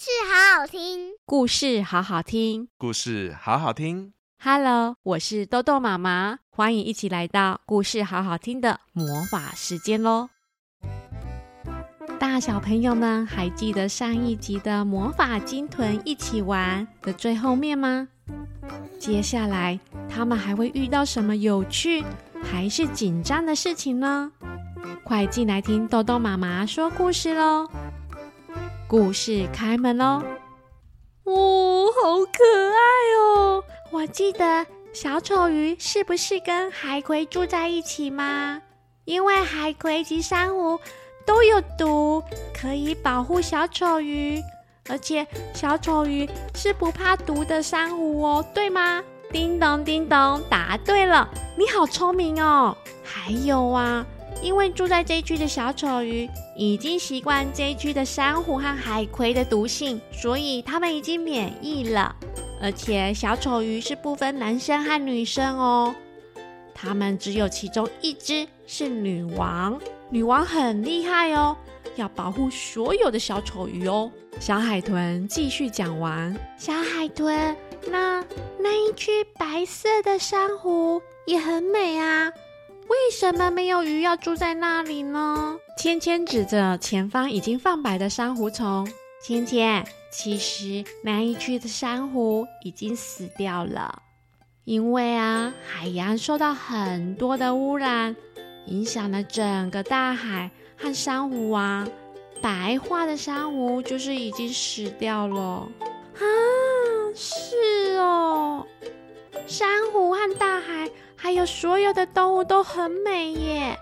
好好聽故事好好聽，故事好好聽，故事好好聽。Hello，我是豆豆媽媽，歡迎一起來到故事好好聽的魔法時間咯。大小朋友們還記得上一集的魔法鯨豚一起玩的最後面嗎？接下來他們還會遇到什麼有趣還是緊張的事情呢？快進來聽豆豆媽媽說故事嘍！故事開門嘍！哇、哦，好可愛哦！我記得小丑魚是不是跟海葵住在一起嗎？因為海葵及珊瑚都有毒，可以保護小丑魚，而且小丑魚是不怕毒的珊瑚哦，對嗎？叮咚叮咚，答對了！你好聰明哦！還有啊。因為住在這一區的小丑魚已經習慣這一區的珊瑚和海葵的毒性，所以它們已經免疫了。而且小丑魚是不分男生和女生哦，它們只有其中一隻是女王，女王很厲害哦，要保護所有的小丑魚哦。小海豚繼續講完。小海豚，那那一隻白色的珊瑚也很美啊。為什麼沒有魚要住在那裡呢？芊芊指着前方已經泛白的珊瑚叢。芊芊，其實南一區的珊瑚已經死掉了，因為啊，海洋受到很多的污染，影響了整個大海和珊瑚啊。白化的珊瑚就是已經死掉了。哈、啊。還有所有的動物都很美耶！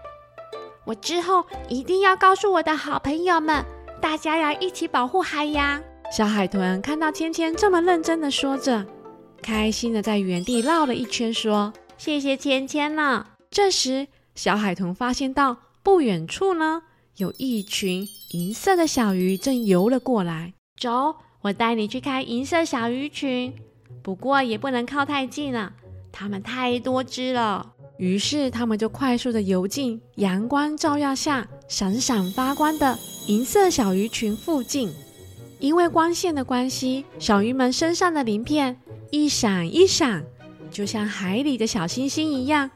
我之後一定要告訴我的好朋友們，大家要一起保護海洋。小海豚看到芊芊這麼認真的說着，開心的在原地繞了一圈，說：“謝謝芊芊了。”這時，小海豚發現到不遠處呢，有一群銀色的小魚正游了過來。走，我帶你去看銀色小魚群，不過也不能靠太近了。它們太多隻了，於是它們就快速的游進陽光照耀下閃閃發光的銀色小魚群附近。因為光線的關係，小魚們身上的鱗片一閃一閃，就像海裡的小星星一樣。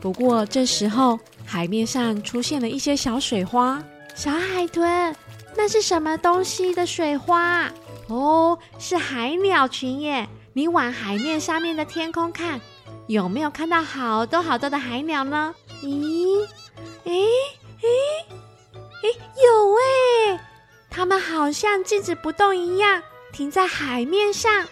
不過這時候海面上出現了一些小水花，小海豚，那是什麼東西的水花？哦，是海鳥群耶！你往海面上面的天空看。有沒有看到好多好多的海鳥呢？咦，誒，誒，誒，有誒！它們好像靜止不動一樣，停在海面上，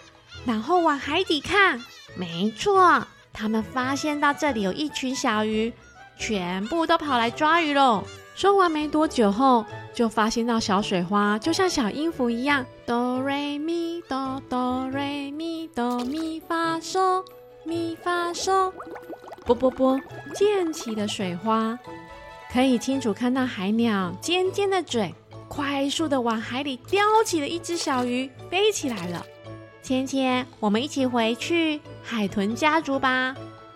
然後往海底看。沒錯，他們發現到這裡有一群小魚，全部都跑來抓魚嘍。說完沒多久後，就發現到小水花，就像小音符一樣，哆瑞咪哆哆瑞咪哆咪發嗦。咪發嗦，波波波，濺起的水花，可以清楚看到海鳥尖尖的嘴，快速的往海裡叼起了一隻小魚，飛起來了。芊芊，我們一起回去海豚家族吧，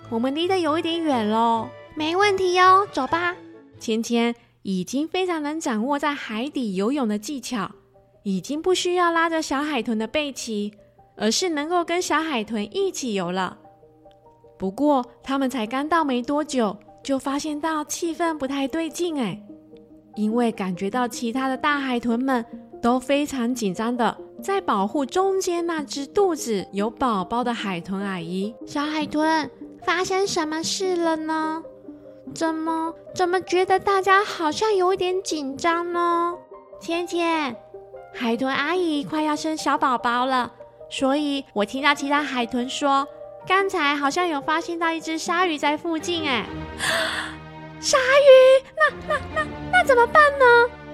我們離得有一點遠嘍。沒問題喲、哦，走吧。芊芊已經非常能掌握在海底游泳的技巧，已經不需要拉着小海豚的背鰭，而是能夠跟小海豚一起游了。不過他們才剛到沒多久，就發現到氣氛不太對勁誒，因為感覺到其他的大海豚們都非常緊張的在保護中間那隻肚子有寶寶的海豚阿姨。小海豚，發生什麼事了呢？怎麼怎麼覺得大家好像有點緊張呢？芊芊，海豚阿姨快要生小寶寶了，所以我聽到其他海豚說。剛才好像有發現到一隻鯊魚在附近。哎，鯊魚，那那那那怎麼辦呢？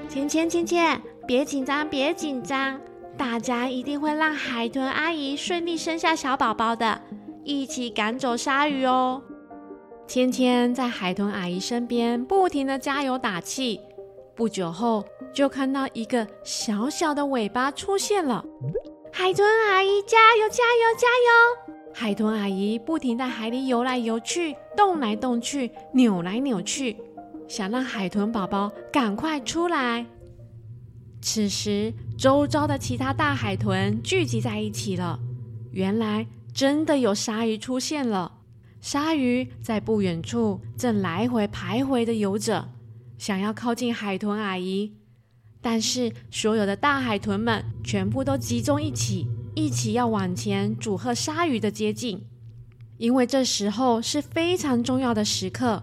芊芊芊芊，別緊張，別緊張，大家一定會讓海豚阿姨順利生下小寶寶的，一起趕走鯊魚哦。芊芊在海豚阿姨身邊不停地加油打氣，不久後就看到一個小小的尾巴出現了。海豚阿姨加油加油加油！加油加油海豚阿姨不停在海裡游來游去，動來動去，扭來扭去，想讓海豚寶寶趕快出來。此時，周遭的其他大海豚聚集在一起了。原來，真的有鯊魚出現了。鯊魚在不遠處正來回徘徊地游着，想要靠近海豚阿姨，但是所有的大海豚們全部都集中一起。一起要往前阻嚇鯊魚的接近，因為這時候是非常重要的時刻。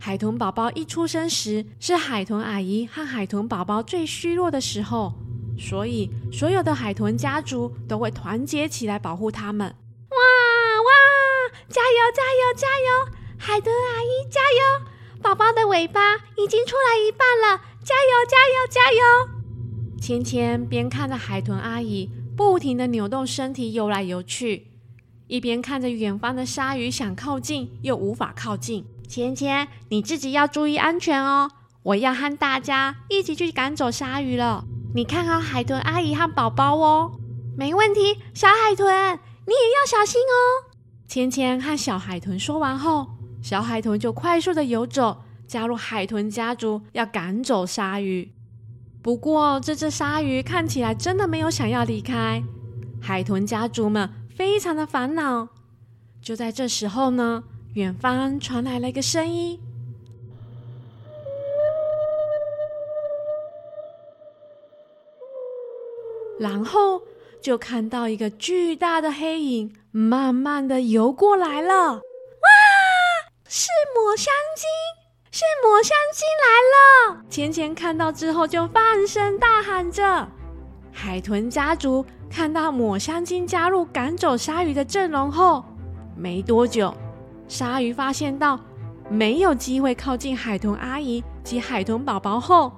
海豚寶寶一出生時是海豚阿姨和海豚寶寶最虛弱的時候，所以所有的海豚家族都會團結起來保護他們哇。哇哇！加油加油加油！海豚阿姨加油！寶寶的尾巴已經出來一半了，加油加油加油！芊芊天天邊看着海豚阿姨。不停的扭動身體游來游去，一邊看着遠方的鯊魚，想靠近又無法靠近。芊芊，你自己要注意安全哦！我要和大家一起去趕走鯊魚了，你看好海豚阿姨和寶寶哦。沒問題，小海豚，你也要小心哦。芊芊和小海豚說完後，小海豚就快速的游走，加入海豚家族，要趕走鯊魚。不過，這隻鯊魚看起來真的沒有想要離開，海豚家族們非常的煩惱。就在這時候呢，遠方傳來了一個聲音，然後就看到一個巨大的黑影慢慢的游過來了，哇，是抹香鯨！是抹香鯨來了，錢錢看到之後就放聲大喊着。海豚家族看到抹香鯨加入趕走鯊魚的陣容後，沒多久，鯊魚發現到沒有機會靠近海豚阿姨及海豚寶寶後，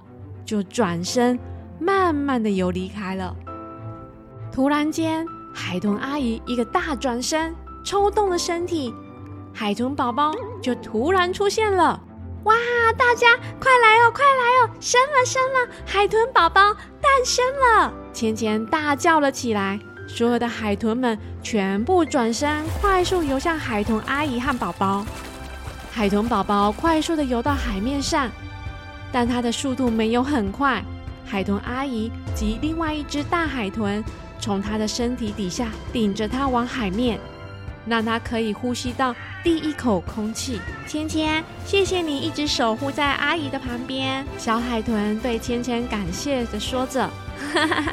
就轉身慢慢的游離開了。突然間，海豚阿姨一個大轉身，抽動了身體，海豚寶寶就突然出現了。哇！大家快來哦，快來哦！生了，生了！海豚寶寶誕生了！芊芊大叫了起來。所有的海豚們全部轉身，快速游向海豚阿姨和寶寶。海豚寶寶快速地游到海面上，但它的速度沒有很快。海豚阿姨及另外一隻大海豚從它的身體底下頂着它往海面。讓它可以呼吸到第一口空氣。芊芊，謝謝你一直守護在阿姨的旁邊。小海豚對芊芊感謝的說着：“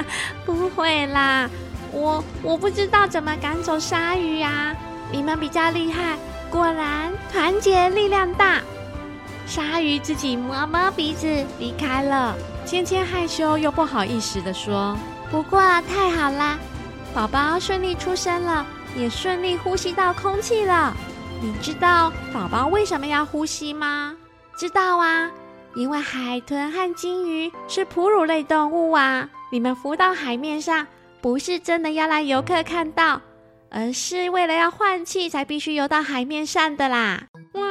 不會啦，我我不知道怎麼趕走鯊魚呀、啊，你們比較厲害。果然，團結力量大。”鯊魚自己摸摸鼻子離開了。芊芊害羞又不好意思的說：“不過太好啦，寶寶順利出生了。”也順利呼吸到空氣了。你知道寶寶為什麼要呼吸嗎？知道啊，因為海豚和鯨魚是哺乳類動物啊。你們浮到海面上，不是真的要來遊客看到，而是為了要換氣才必須游到海面上的啦。哇，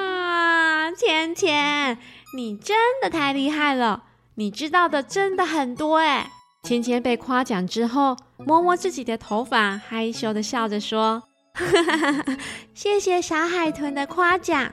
淺淺，你真的太厲害了！你知道的真的很多欸。芊芊被誇獎之後，摸摸自己的頭髮，害羞的笑着說：“哈哈哈哈，謝謝小海豚的誇獎，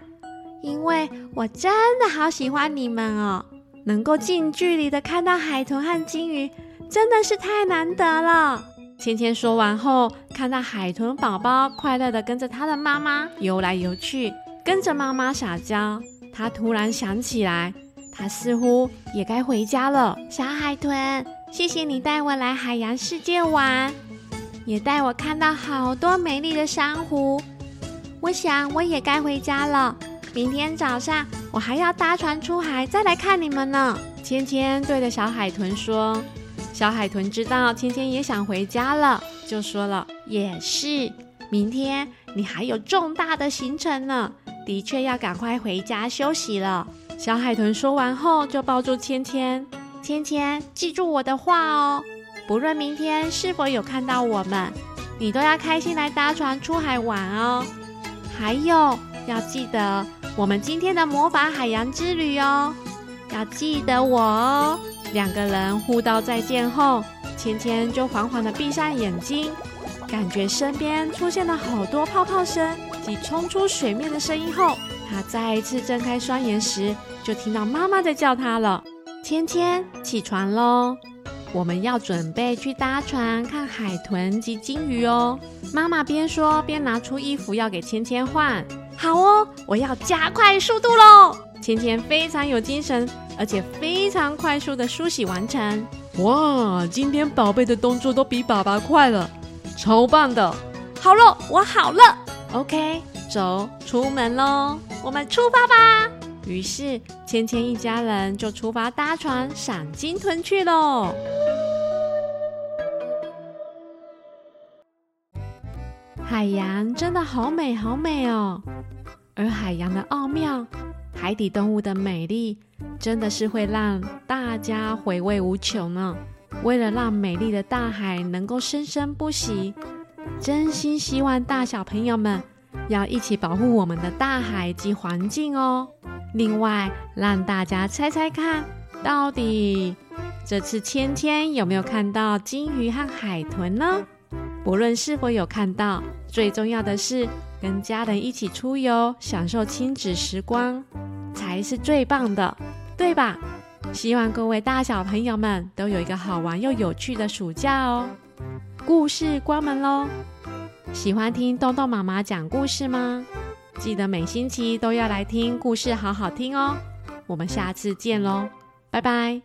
因為我真的好喜歡你們哦！能夠近距離的看到海豚和鯨魚，真的是太難得了。”芊芊說完後，看到海豚寶寶快樂的跟着它的媽媽游來游去，跟着媽媽撒嬌，她突然想起來。他似乎也該回家了。小海豚，謝謝你帶我來海洋世界玩，也帶我看到好多美麗的珊瑚。我想我也該回家了。明天早上我還要搭船出海，再來看你們呢。芊芊對着小海豚說：“小海豚知道芊芊也想回家了，就說了：也是，明天你還有重大的行程呢，的確要趕快回家休息了。”小海豚說完後，就抱住芊芊。芊芊，記住我的話哦，不論明天是否有看到我們，你都要開心來搭船出海玩哦。還有，要記得我們今天的魔法海洋之旅哦，要記得我哦。兩個人互道再見後，芊芊就緩緩地閉上眼睛，感覺身邊出現了好多泡泡聲及衝出水面的聲音後。他再一次睜開雙眼時，就聽到媽媽在叫他了：“芊芊，起床嘍！我們要準備去搭船看海豚及鯨魚哦。”媽媽邊說邊拿出衣服要給芊芊換。好哦，我要加快速度嘍！芊芊非常有精神，而且非常快速地梳洗完成。哇，今天寶貝的動作都比爸爸快了，超棒的！好了，我好了，OK，走，出門嘍。我們出發吧！於是芊芊一家人就出發搭船賞鯨豚去嘍。海洋真的好美，好美哦！而海洋的奧妙，海底動物的美麗，真的是會讓大家回味無窮呢、哦。為了讓美麗的大海能夠生生不息，真心希望大小朋友們。要一起保護我們的大海及環境哦。另外，讓大家猜猜看，到底這次千千有沒有看到鯨魚和海豚呢？不論是否有看到，最重要的是跟家人一起出遊，享受親子時光，才是最棒的，對吧？希望各位大小朋友們都有一個好玩又有趣的暑假哦。故事關門嘍。喜歡聽荳荳媽媽講故事嗎？記得每星期都要來聽故事，好好聽哦。我們下次見嘍，拜拜。